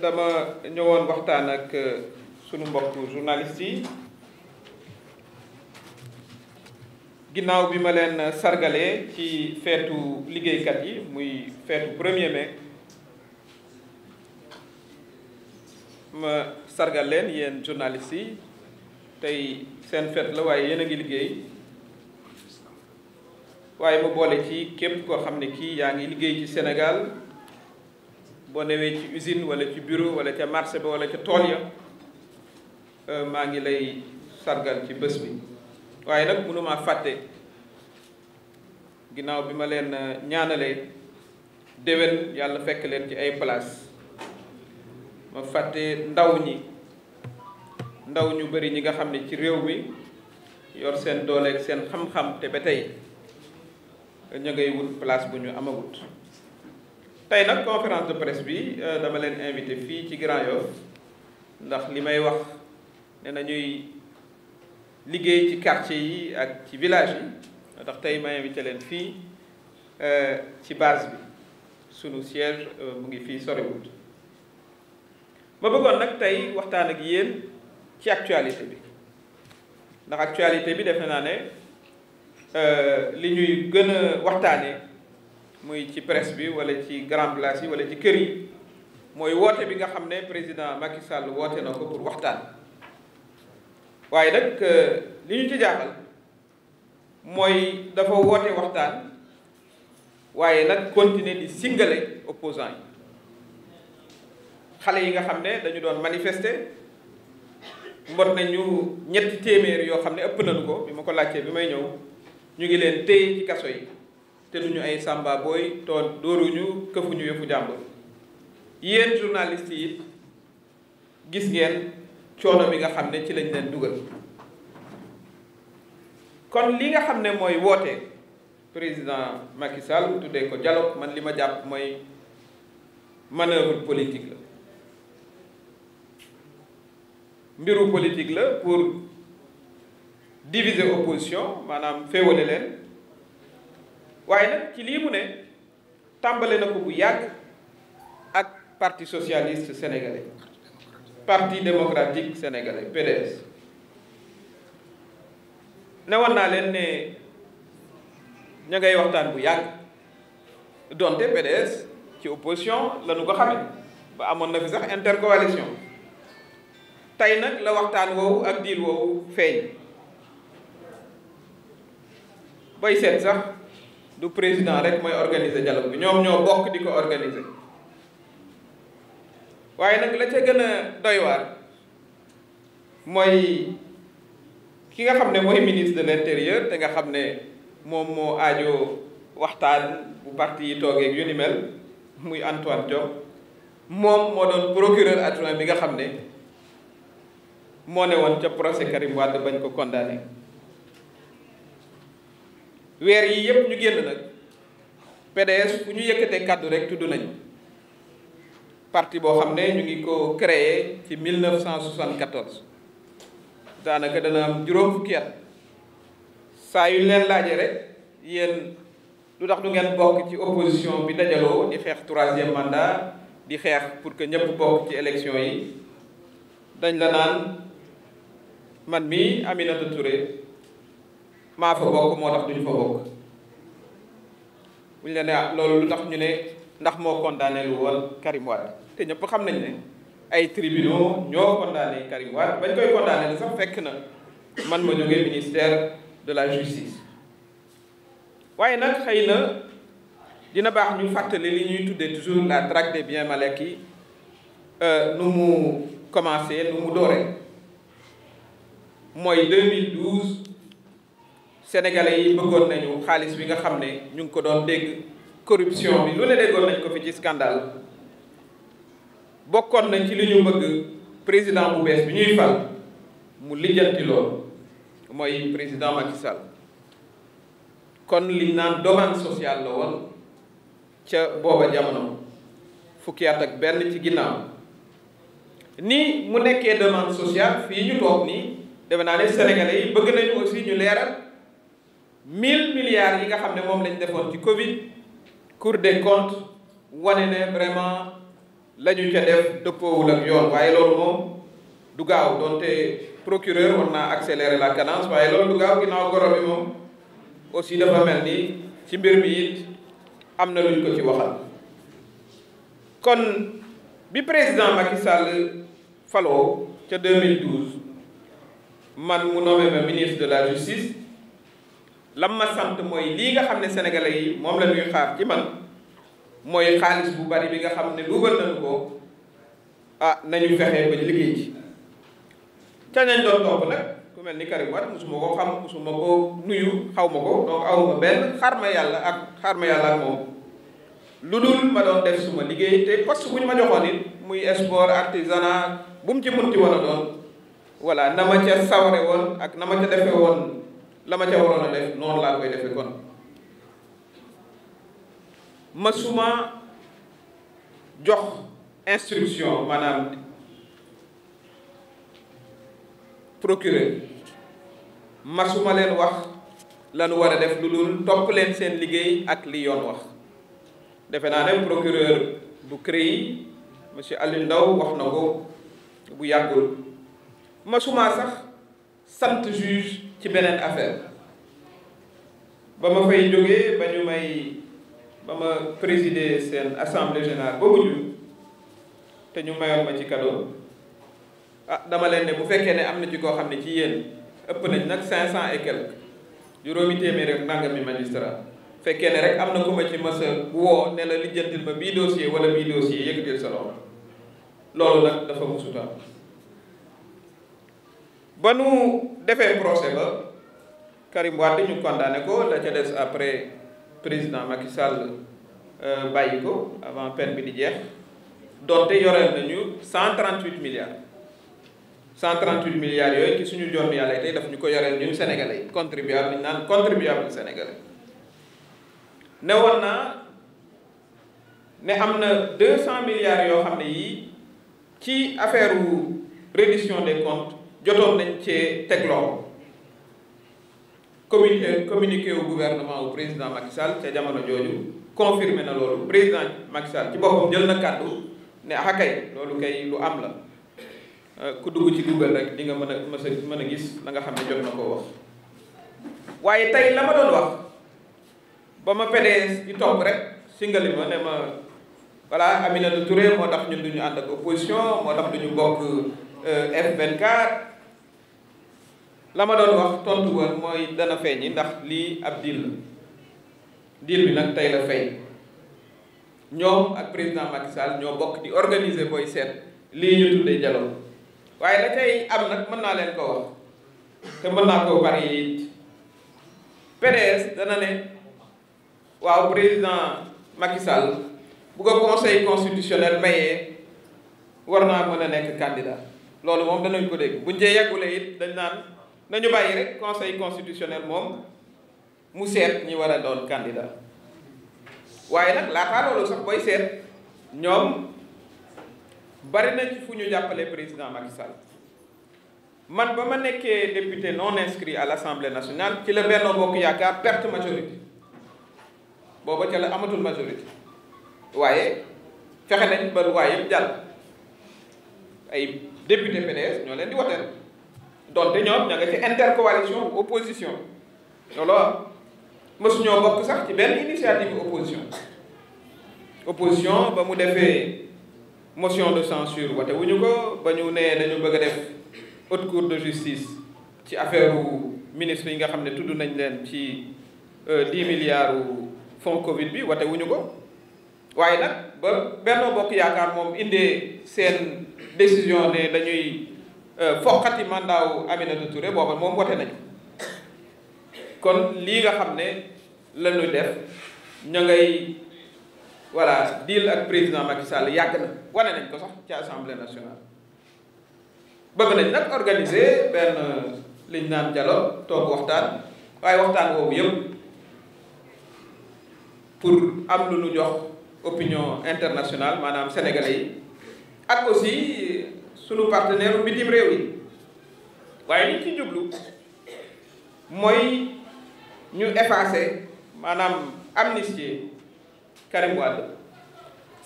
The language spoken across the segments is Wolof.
dama ñëwoon waxtaan ak euh, suñu mbokk journaliste yi ginnaaw bi ma leen sargalee ci feetu liggéeykat yi muy feetu premier mai ma sargal leen yéen journaliste yi tey seen feet la waaye yéen a ngi liggéey waaye ma boole ci képp koo xam ne kii yaa ngi liggéey ci Sénégal boo newee ci usine wala ci bureau wala ca marché ba wala ca tool ya euh, maa ngi lay sargal ci bés bi waaye nag mënuma fàtte ginnaaw bi ma leen euh, ñaanalee déwén yàlla fekk leen ci ay place ma fàtte ndaw ñi ndaw ñu bari ñi nga xam ne ci réew mi yor seen dooleeg seen xam-xam te ba tey ñu ngay wut place bu ñu amagut tey nag conférence de presse bi euh, dama leen invité fii ci Grand Yoff ndax li may wax ne nañuy liggéey ci quartier yi ak ci village yi ndax tey ma invité leen fii euh, ci base bi sunu siège euh, mu ngi fii sorewut ma bëggoon nag tey waxtaan ak yéen ci actualité bi ndax actualité bi defe naa ne Euh, li ñuy gën a waxtaanee ci presse bi wala ci grand place yi wala ci kër yi mooy woote bi nga xam ne président Macky Sall woote na ko pour waxtaan waaye nag euh, li ñu ci jaaxal mooy dafa waxtaan waaye nag continuer di singale opposants yi xale yi nga xam ne dañu doon manifester mbot nañu ñetti téeméer yoo xam ne ëpp nañu ko bi ma ko laajtee bi may ñëw ñu ngi leen téye ci kaso yi te duñu ay sàmba booy tool dóoruñu këfuñu yëfu jàmbur yéen journaliste yi gis ngeen coono bi nga xam ne ci lañ leen dugal kon li nga xam ne mooy woote président Macky Sall bu tuddee ko jaloo man li ma jàpp mooy manœuvre politique la mbiru politique la pour diviser opposition maanaam féewale leen waaye nag ci lii mu ne tàmbale na ko bu yàgg ak parti socialiste sénégalais parti démocratique sénégalais PDS ne woon naa leen ne ña ngay waxtaan bu yàgg donte PDS ci opposition la ko xamee ba amoon na fi sax intercoalition tey nag la waxtaan woowu ak diil woowu feeñ booy seet sax du président rek mooy organiser dialogue bi ñoom ñoo bokk di ko organiser waaye nag la ca gën a doy waar mooy ki nga xam ne mooy ministre de l'intérieur te nga xam ne moom moo aajo waxtaan bu parti yi toogee yu ni mel muy Antoine jox moom moo doon procureur adjoint bi nga xam ne moo ne woon ca procès Karim Wade bañ ko condamné weer yii yëpp ñu génn nag PDS fu ñu yëkkatee kàddu rek tudd nañu parti boo xam ne ñu ngi ko créé ci 1974 daanaka dana am juróom fukki at saa yu leen laajee rek yéen lu tax du ngeen bokk ci opposition bi dajaloo di xeex troisième mandat di xeex pour que ñëpp bokk ci élection yi dañ la naan man mi Aminata Touré. maa fa bokk moo tax duñu fa bokk buñ la ne loolu lu ñu ne ndax moo condamné lu woon Karim Wade te ñëpp xam nañ ne ay tribunaux ñoo condamné Karim Wade bañ koy condamné sax fekk na man ma jógee ministère de la justice waaye nag xëy na dina baax ñu fàttali li ñuy tuddee toujours la traque des biens mal acquis euh, nu mu commencé nu mu dooree mooy sénégalais yi bëggoon nañu xaalis bi nga xam ne ñu ngi ko doon dégg corruption bi lu ne déggoon nañ ko fi ci scandale bokkoon nañ ci li ñu bëgg président bu bees bi ñuy fal mu lijjanti loolu mooy président Macky Sall kon liñ naan demande social la woon ca booba jamono fukki at ak benn ci ginnaaw nii mu nekkee demande social fii ñu toog nii defe naa ne sénégalais yi bëgg nañu aussi ñu leeral mille milliards yi nga xam ne moom lañu defoon ci Covid Cour des comptes wane ne vraiment la ñu ca def dëppoowul ak yoon waaye loolu moom du gaaw donte procureur war naa accélérer la cadence waaye loolu du gaaw ginnaaw goro bi moom aussi dafa mel ni ci mbir mi it am na luñ ko ci waxal kon bi président Macky Sall faloo ca 2012 man mu nommé ma ministre de la justice. lam ma sant mooy lii nga xam ne sénégalais yi moom la ñuy xaar ci man mooy xaalis bu bari bi nga xam ne dugal nañu ko ah nañu fexe ba liggéey ji ca nañ doon topp nag ku mel ni Karim Wade musuma ko xam musuma ko nuyu xaw ma ko donc awma benn xaar ma yàlla ak xaar ma yàlla ak moom lu dul ma doon def suma liggéey te poste bu ñu ma joxoon it muy sport artisanat bu mu ci munti wala doon voilà na ma ca saware woon ak na ma ca defe woon la ma ca waroon a def noonu laa koy defee kon ma jox instruction maanaam procureur ma leen wax lanu war a def lu dul topp leen seen liggéey ak li yoon wax defe naa ne procureur bu CREI monsieur Aliou Ndao wax na ko bu yàggul ma sax sant juge ci beneen affaire ba ma fay jógee ba ñu may ba ma présider seen assemblée générale boobu ñu te ñu mayoon ma ci cadeau ah dama leen ne bu fekkee ne am na ci koo xam ne ci yéen ëpp nañ nag cinq cent et quelques juróomi téeméer rek nangami magistrat fekkee ne rek am na ku ma ci mës a woo ne la lijjantil ma bii dossier wala bii dossier yëkkatil sa loxo loolu nag dafa musutam ba nu defee procès ba Karim Wade ñu condamné ko la ca des après président Macky Sall euh, bàyyi ko avant peine bi di jeex donte yoreel nañu 138 milliards 138 milliards yooyu ci suñu jonn yàlla tey daf ñu ko yoreel ñun sénégalais yi contribuable ñu naan contribuable sénégalais ne woon naa ne am na cent milliards yoo xam ne yii ci affaire reddition des comptes jotoon nañ cee teg loxo euh, communiqué communiqué gouvernement au président Macky Sall ca jamono jooju confirmé na loolu président Macky Sall ci boppam jël na kàddu ne ah loolu kay lu am la euh, ku dugg ci Google rek di nga mën a mës a mën a gis la nga xam ne jot na koo wax. waaye tey la ma doon wax ba ma PDS di topp rek singali ma ne ma voilà Aminata Touré moo tax ñu du ñu ànd ak opposition moo tax du ñu bokk euh, la ma doon wax tontu ba mooy dana feeñi ndax lii ab diil la diil bi nag tey la fay ñoom ak président Macky ñoo bokk di organiser booy seet lii ñu tuddee dialogue waaye la tey am nag mën naa leen ko wax te mën naa koo bari it PDS dana ne waaw président Macky Sall bu ko conseil constitutionnel mayee war naa mën a nekk candidat loolu moom danañ ko dégg buñ cee yàggulee it dañ naan nañu bàyyi rek conseil constitutionnel moom mu seet ñi war a doon waaye nag laataa loolu sax booy seet ñoom bari na ci fu ñu jàppale président Macky Sall man ba ma nekkee député non inscrit à l' assemblée nationale ci la Benno Bokk Yaakaar perte majorité booba ca la amatul majorité waaye fexe nañ ba waaye yëpp jàll ay député PDS ñoo leen di woteel donte ñoom ña nga ci intercoalition opposition loolu mësuñoo bokk sax ci benn initiative opposition opposition ba mu defee motion de censure wate wu ñu ko ba ñu nee dañu bëgg a def haute cour de justice ci affaire u ministre yi nga xam ne tudd nañ leen ci euh, dix milliards u covid bi wate wu ñu ko waaye nag ba Benno Bokk Yaakaar moom indee seen décision ne dañuy Euh, foqati mandaawu Aminata Touré booba moom wote nañu kon lii nga xam ne la ñu def ña ngay voilà deal ak président Macky Sall yàgg na wane nañ ko sax ci assemblée nationale. bëgg nañ nag organiser benn liñ naan jalo toog waxtaan waaye waxtaan boobu yëpp pour am lu ñu jox opinion internationale maanaam sénégalais yi ak aussi. sunu partenaire bitim réew yi waaye liñ ci jublu mooy ñu effacer maanaam amnistier Karim Wade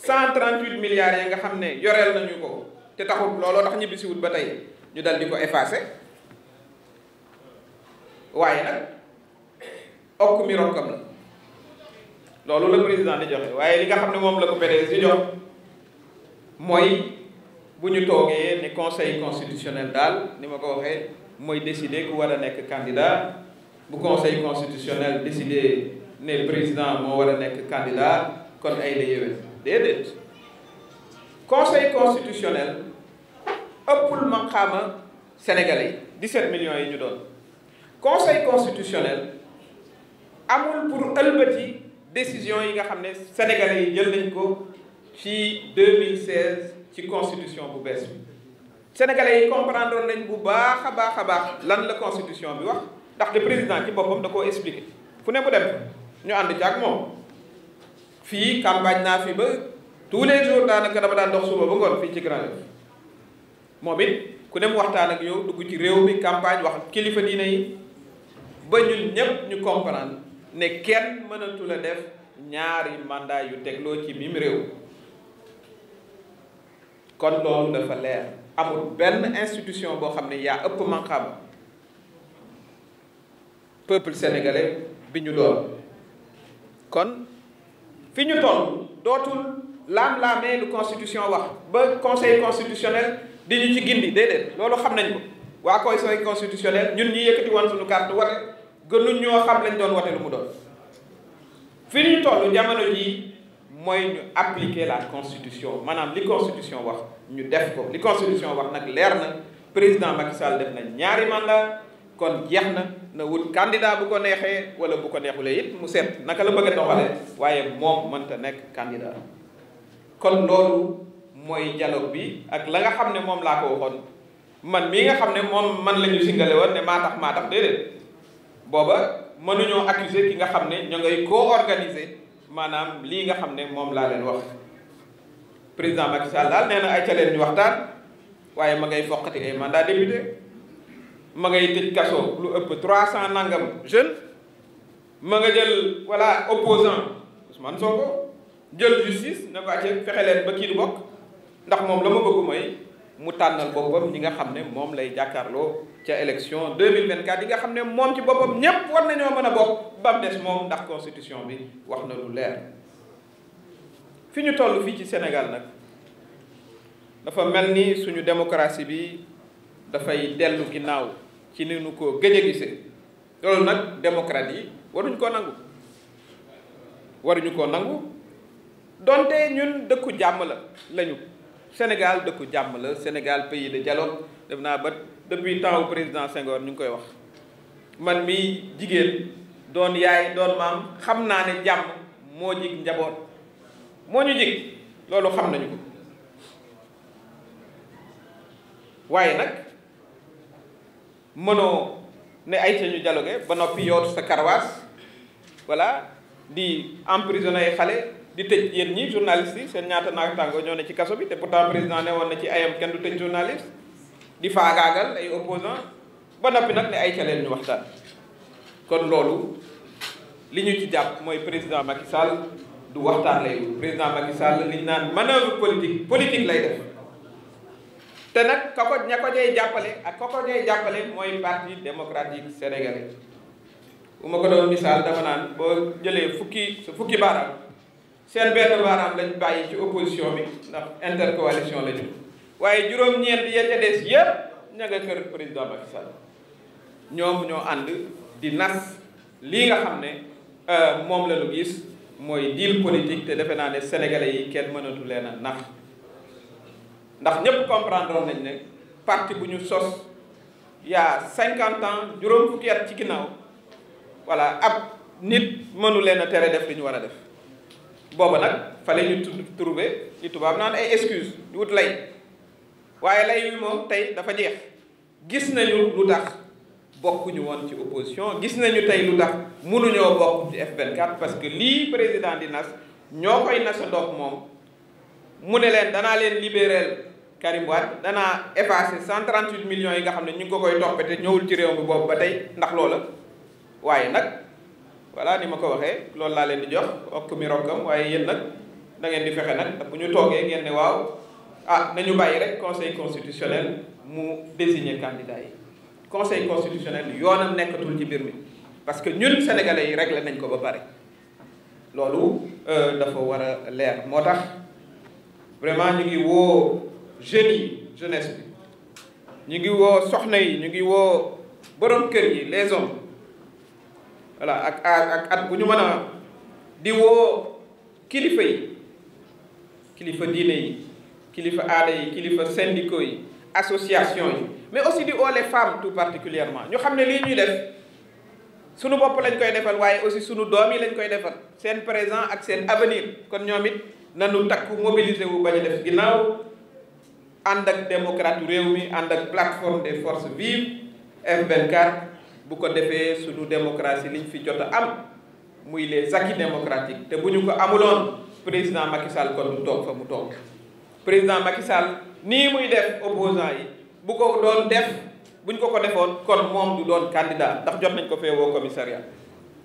cent trente-huit milliards yi nga xam ne yoreel nañu ko te taxul looloo tax ñibbisiwut ba tey ñu dal di ko effacer waaye nag okk mi la loolu la président di joxe waaye li nga xam ne moom la ko PDS di jox mooy bu ñu toogee ne conseil constitutionnel daal ni ma ko waxee mooy décider ku war a nekk candidat bu conseil constitutionnel décider ne président moo war a nekk candidat kon ay la yéwén déedéet conseil constitutionnel ëppul maqaama sénégalais yi ñu doon conseil constitutionnel amul pour ëlbati décision yi nga xam ne sénégalais yi jël nañ ko ci ci constitution bu bees bi sénégalais yi comprendre nañ bu baax a baax a baax lan la constitution bi wax ndaxte président ci boppam da koo expliqué fu ne bu dem ñu ànd ci ak moom fii campagne naa fi ba tous les jours daanaka dama daan dox suba ba ngoon fii ci Grand Yoff moom it ku ne mu waxtaan ak yow dugg ci réew mi campagne wax kilifa diine yi ba ñun ñëpp ñu comprendre ne kenn mënatu la def ñaari mandat yu tegloo ci mim réew kon loolu dafa leer amul benn institution boo xam ne yaa ëpp manqaam peuple sénégalais bi ñu doon kon fi ñu toll dootul laam-laamee lu constitution wax ba conseil constitutionnel di ñu ci gindi déedéet loolu xam nañ ko waa conseil constitutionnel ñun ñi yëkkati woon suñu carte wate gënuñ ñoo xam lañ doon wate lu mu doon fi ñu toll jamono jii mooy ñu appliquer la constitution maanaam li constitution wax ñu def ko li constitution wax nag leer na président Macky Sall def na ñaari mandat kon jeex na na wut candidat bu ko neexee wala bu ko neexulee it mu set naka la bëgg a doxalee waaye moom mënta nekk candidat kon loolu mooy dialogue bi ak la nga xam ne moom laa ko waxoon man mii nga xam ne moom man lañu ñu singale ne maa tax maa tax déedéet booba mënuñoo accuser ki nga xam ne ñoo ngay co-organiser maanaam lii nga xam ne moom laa leen wax président Macky Sall daal nee na ay ca leen ñu waxtaan waaye ma ngay foqati ay mandat député ma ngay tëj kaso lu ëpp trois cent nangam jeune ma nga jël voilà opposant Ousmane Sonko jël justice ne ko acce fexe leen ba kii du bokk ndax moom la ma bëgg mooy mu tànnal boppam ñi nga xam ne moom lay jàkkaarloo ca élection 2024 yi nga xam ne moom ci boppam ñépp war nañoo mën a bokk ba mu des moom ndax constitution bi wax na lu leer fi ñu toll fii ci senegal nag dafa mel ni suñu démocratie bi dafay dellu ginnaaw ci ni nu ko gëj a gisee nag démocrate yi waruñu koo nangu waruñu koo nangu donte ñun dëkku jàmm la lañu Sénégal dëkku jàmm la Sénégal pays de jaloo def naa ba depuis temps président Senghor ñu ngi koy wax man mi jigéen doon yaay doon maam xam naa ne jàmm moo jig njaboot moo ñu jig loolu xam nañu ko waaye nag mënoo ne ay ca ñu dialogue ba noppi yootu sa karwaas voilà di emprisonné ay xale di tëj yéen ñi journaliste yi seen ñaata naataango ñoo ne ci kaso bi te pourtant président ne woon na ci ayam kenn du tëj journaliste di faagaagal ay opposant ba noppi nag ne ay caleen ñu waxtaan kon loolu li ñu ci jàpp mooy président Macky Sall du waxtaan lay président Macky Sall li ñu naan manœuvre politique politique lay def te nag ka ko ña ko ñooy jàppale ak ka ko ñooy jàppale mooy parti démocratique sénégalais bu ma ko doon misaal dama naan boo jëlee fukki su fukki baaraam seen benn baaraam lañ bàyyi ci opposition bi ndax intercoalition la ñu waaye juróom-ñeent ya ca des yëpp ña nga kër président Macky Sall ñoom ñoo ànd di nas lii nga xam ne euh, moom la ñu gis mooy deal politique te defe naa ne sénégalais yi kenn mënatu leen a nax ndax ñëpp comprendre nañ ne parti bu ñu sos yaa cinquante ans juróom fukki at ci ginnaaw voilà ab nit mënu leen a tere def li ñu war a def booba nag fale ñu trouvé li tubaab naan ay excuse di wut lay waaye lay wi moom tey dafa jeex gis nañu lu tax bokkuñu woon ci opposition gis nañu tey lu tax mënuñoo bokk ci F24 parce que lii président di nas ñoo koy nasa ndox moom mu ne leen danaa leen libéral Karim Wade danaa effacer 138 millions yi nga xam ne ñu ngi ko koy toppate ñëwul ci réew mi boobu ba tey ndax loola waaye nag voilà ni ma ko waxee loolu laa leen di jox okk mi rokkam waaye yéen nag da ngeen di fexe nag bu ñu toogee ngeen ne waaw ah na ñu bàyyi rek conseil constitutionnel mu désigner candidat yi conseil constitutionnel yoonam nekkatul ci mbir mi parce que ñun sénégalais yi réglé nañ ko ba pare loolu euh, dafa war a leer moo tax vraiment ñu ngi woo jeunes yi jeunesse bi ñu ngi woo soxna yi ñu ngi woo borom kër yi les hommes voilà ak ak at bu ñu mën a di woo kilifa yi kilifa diine yi kilifa aada yi kilifa syndicaux yi association yi mais aussi di woo les femmes tout particulièrement ñu xam ne lii ñuy def sunu bopp lañ koy defal waaye aussi suñu doom yi lañu koy defal seen présent ak seen avenir kon ñoom it nanu takku mobiliser wu bañ a def ginnaaw ànd ak démocrate réew mi ànd ak plateforme des forces vives F24 bu ko defee suñu démocratie liñ fi jot a am muy les acquis démocratiques te bu ñu ko amuloon président Macky Sall kon du toog fa mu toog président Macky Sall nii muy def opposant yi bu ko doon def buñ ko ko defoon kon moom du doon candidat ndax jot nañ ko fee woo commissariat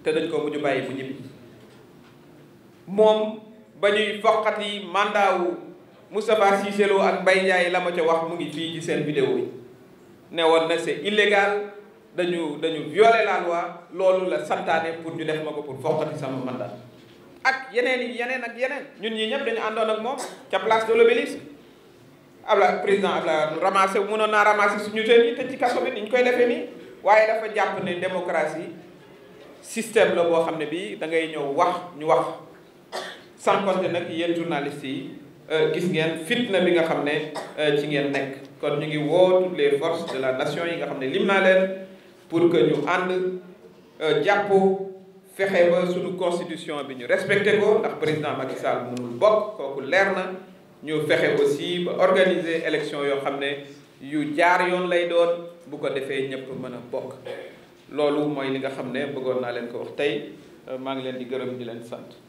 te dañ ko mujj bàyyi bu ñibbi moom ba ñuy foqati mandat wu Moustapha Cissé ak Mbaye Ndiaye la ma ca wax mu ngi fii ci seen vidéo yi ne woon na c'est dañu dañu violer laal waa loolu la santaane pour ñu def ma ko pour foqati sama man mandat ak yeneen yeneen ak yeneen ñun ñii ñëpp dañu àndoon ak moom ca place de l'obélisque Abla président Abla ramassé mënoon naa ramassé suñu teen yi te ci kaso bi ni ñu koy defee nii waaye dafa jàpp ne démocratie système la boo xam ne bii da ngay ñëw wax ñu wax sans compter nag yéen journalistes yi euh, gis ngeen fitna bi nga xam ne euh, ci ngeen nekk kon ñu ngi woo toutes les forces de la nation yi nga xam ne lim naa leen pour que ñu ànd euh, jàpp fexe ba suñu constitution bi ñu respecté ko ndax président Macky Sall mënul bokk kooku leer na ñu fexe aussi ba organiser élection yoo xam ne yu jaar yoon lay doon bu ko defee ñëpp mën a bokk loolu mooy li nga xam ne bëggoon naa leen ko wax tey euh, maa ngi leen di gërëm di leen sant